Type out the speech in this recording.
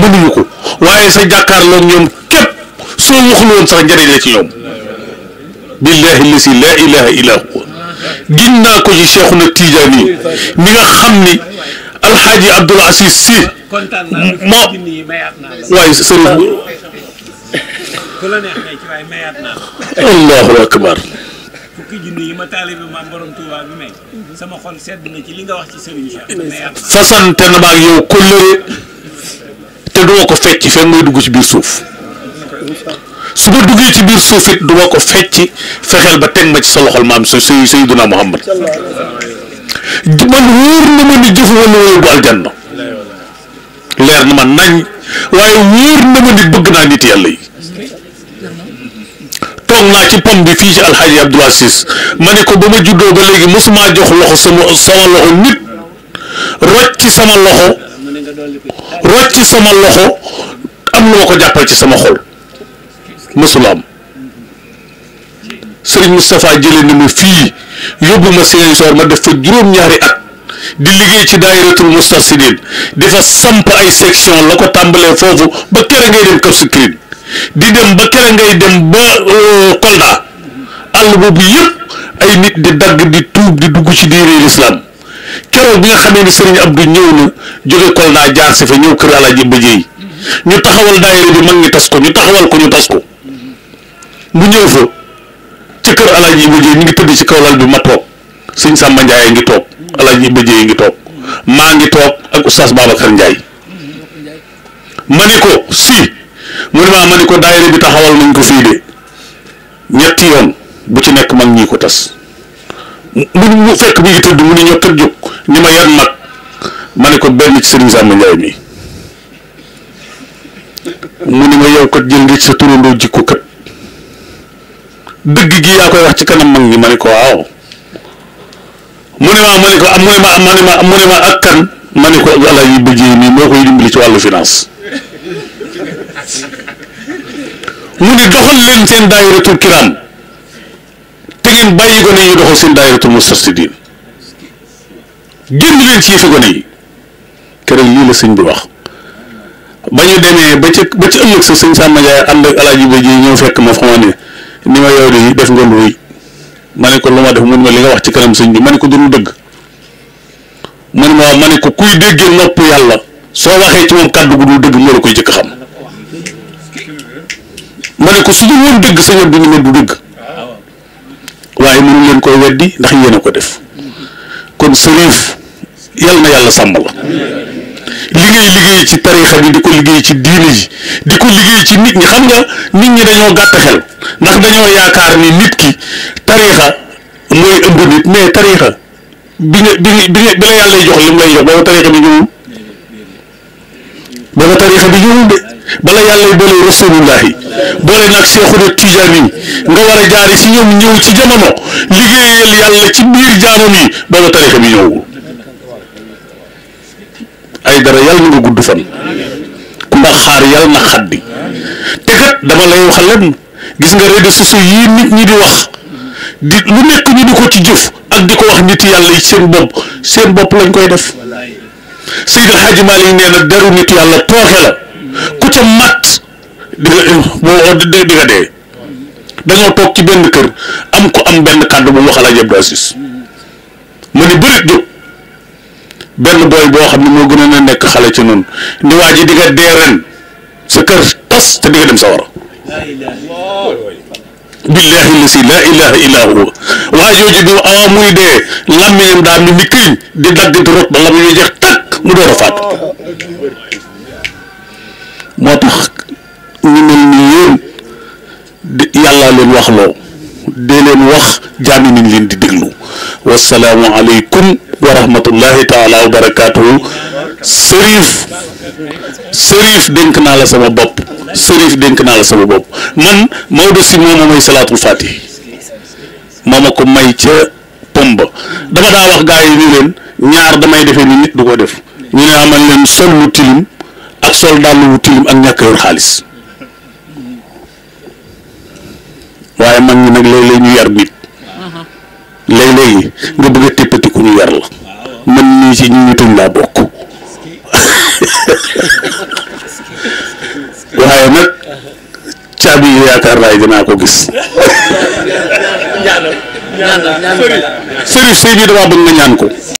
mënuñu ko waaye sa jàkkaarloog ñoom képp soo waxul woon sax njëriñ la ci ñoom billahi lisi laa ilaha illa huwa gin naa ko ci Seexuna Tiijaan yi mi nga xam ni alxaaji Abdul Asiis Si moo waaye sëriñ allahu akbar fasante na maag yow kóllëre mënuma ko fecc fekk may dugg ci biir suuf su ma duggee ci biir suuf it du ko fecc fexeel ba teg ma ci sa loxol maam sa say Sayyiduna Muhammad man wóor na ma ni jëfuma lu wóor bu ma nañ waaye wóor na ma ni bëgg naa nit yàlla yi toog naa ci pom bi fii ci alxaaji Abdul Aziz ma ne ko ba ma juddoo ba léegi mësumaa jox loxo sama sama loxo nit rocc sama loxo ci sama loxo am na ma ko jàppal ci sama xol mësula am Serigne Moustapha jëlee na ma fii yóbbu ma Ziguinchor ma def fa juróom-ñaari at di liggéey ci daayiratul Moustarchidine di fa samp ay section la ko tàmbalee foofu ba kere ngay dem Cap di dem ba kere ngay dem ba euh, Kolda àll boobu yëpp ay nit di dagg di tuub di dugg ci diine l'islam keroog bi nga xamee ni Serigne Abdou ñëw na jóge naa jaar si fa ñëw kër Alaaji Bëjëy ñu taxawal daayira bi mag ñi tas ko ñu taxawal ko ñu tas ko mu ñëw fa ci kër Alaaji Bëjëy ñu ngi tëdd ci kaw lal bi ma toog sëñ Samba Ndiaye ngi toog Alaaji ngi toog maa ngi toog ak oustaz Babacar Ndiaye ma ni ko si mu ne maa ma ni ko daayira bi taxawal nañ ko fii de ñetti yoon bu ci nekk mag ñi ko tas mu mu fekk mi ngi tëdd mu ne ñoo tëdd jóg ni ma yan mag ma ne ko benn ci sëriñ Samba Ndiaye mi mu ni ma yow kat jël nga ci sa turandoo jikko kat dëgg gi yaa koy wax ci kanam mag ñi ma ne ko waaw mu ne ma ko am mu ne ma ma ne ma mu ne ak kan ma ne ko Alaaji mii moo koy dimbali ci wàllu finance mu ni doxal leen seen daayira tur kiram leen bàyyi gone yi doxal seen daayiratul mustarsidin génn leen ci yëfi gone yi ba ñu ba ca ba ci sa sëñ Samba Ndiaye ànd ak fekk ma xamaa ni ma yow def nga lu rëy ma def ma li nga wax ci kanam sëñ bi ma ne ko du lu dëgg mu ne ma ma ne ko kuy déggee nopp yàlla soo waxee ci moom kàddu gu dëgg moo la koy jëkk xam ma ne ko su ñu woon dëgg sëñam bi ñu ne du dëgg waaye mënu leen koo weddi ndax yéen a ko def kon sëriif yal na yàlla sàmm la li ngay liggéey ci tariixa bi di ko liggéey ci diini ji di ko liggéey ci nit ñi xam nga nit ñi dañoo gàtt xel ndax dañoo yaakaar ni nit ki tariixa mooy ëmb nit mais tariixa bi nga bi nga bi la yàlla jox lim lay jox ba nga tariixa bi ñëwul ba nga tariixa bi ñëwul de bala yàlla boole rasulullahi boole nag seexuna tijaan yi nga war a jaari si ñoom ñëw ci jamono liggéeyal yàlla ci biir jaamam yi booba tarixa bi ñëwul ay dara yàlla na nga gudd fan ku ndax xaar yàlla na xaddi te kat dama lay wax lenn gis nga réseaux sociaux yii nit ñi di wax di lu nekk ñu di ko ci jëf ak di ko wax nit yàlla yi seen bopp seen bopp lañ koy def Seydil Hadji Malick nee na deru nit yàlla tooxe la ku ca mat di nga boo nga dee dañoo toog ci benn kër am ko am benn kàddu bu mu wax Alaaji mu Aziz ma ni bërit jóg benn booy boo xam ne moo gën a nekk xale ci noonu ni waa ji di nga dee ren sa kër tas te di nga dem sa war billahi la si laa ilaha illaa huwa waa jooju muy dee làmmiñam daa mel ni këñ di dagg di rot ba làmmiñ jeex takk mu door a faatu laa leen wax loo dee leen wax jaami ñu leen di déglu wasalaamu aleykum wa rahmatullahi taala wa barakaatuhu sërif sërif denk naa la sama bopp sërif denk naa la sama bopp man de si moom may salaatul fatih moo ma may ca pomba dama daa wax gaa yi ni leen ñaar damay defee ni nit du ko def ñu ne amal leen sol lu tilim ak sol dàll wu tilim ak ñàkk yor xaalis waaye mag ñi nag léeg-léeg ñu yar nit léeg-léeg nga bëgg téppati ku ñu yar la man ñu ñu tuñ laa bokk waaye nag caabi yi yaakaar naa dinaa ko gis sëriñ sëriñ bi damaa bëgg nga ñaan ko